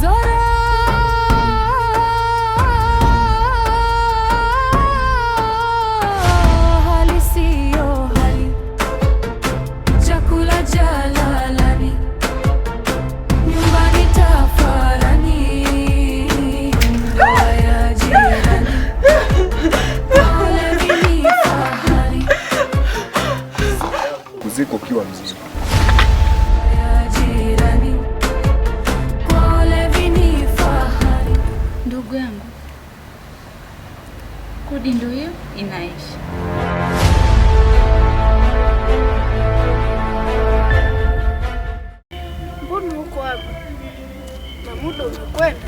Zora. inaisha. Mbona huko hapa na muda umekwenda?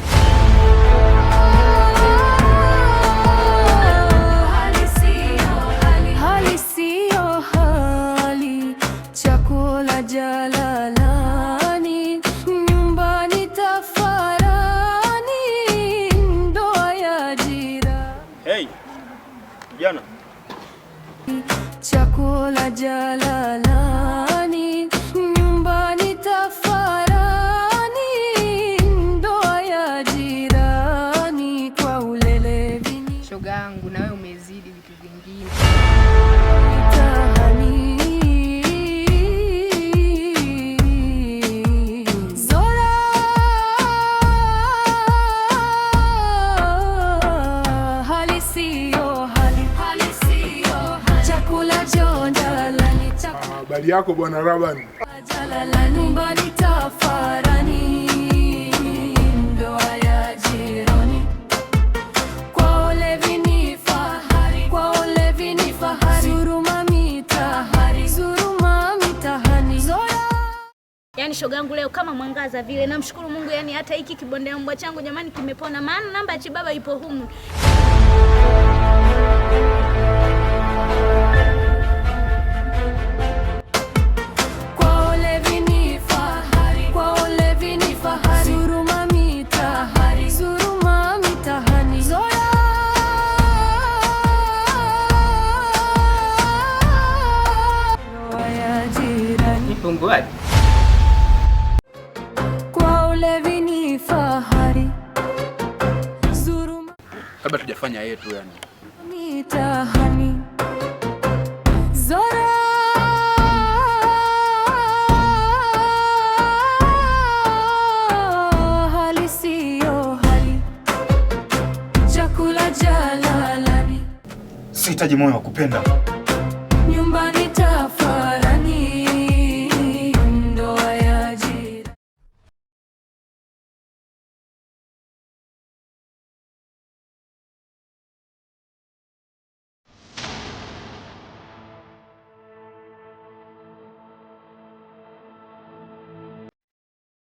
Jana chakula jalalani Habari yako bwana Raban. Yaani shogangu leo kama mwangaza vile, namshukuru Mungu. Yani hata hiki kibonde mbwa changu jamani kimepona, maana namba ya Chibaba ipo humu kabla tujafanya yetu yani. Mitahani Zora hali siyo hali chakula jalalani. Sihitaji moyo wa kupenda nyumbani